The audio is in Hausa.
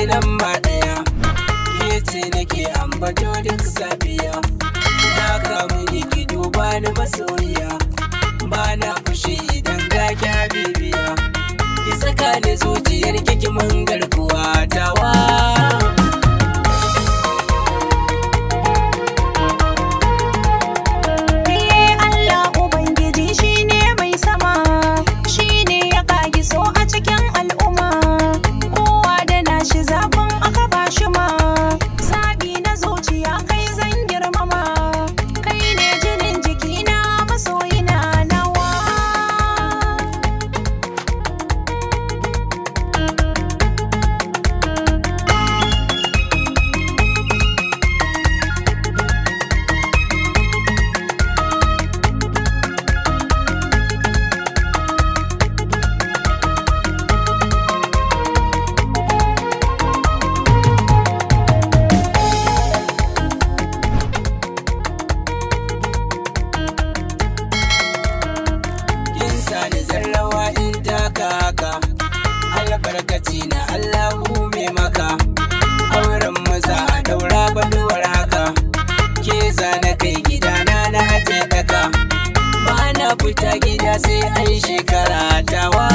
ce lamba ɗaya ke ce nake ambato duk safiya na kamu ki duba ni masoyiya ba na albarkaci na allah mai maka auren maza a daura baduwar haka ke zana kai gidana na na daka ba na fita gida sai an shekara tawa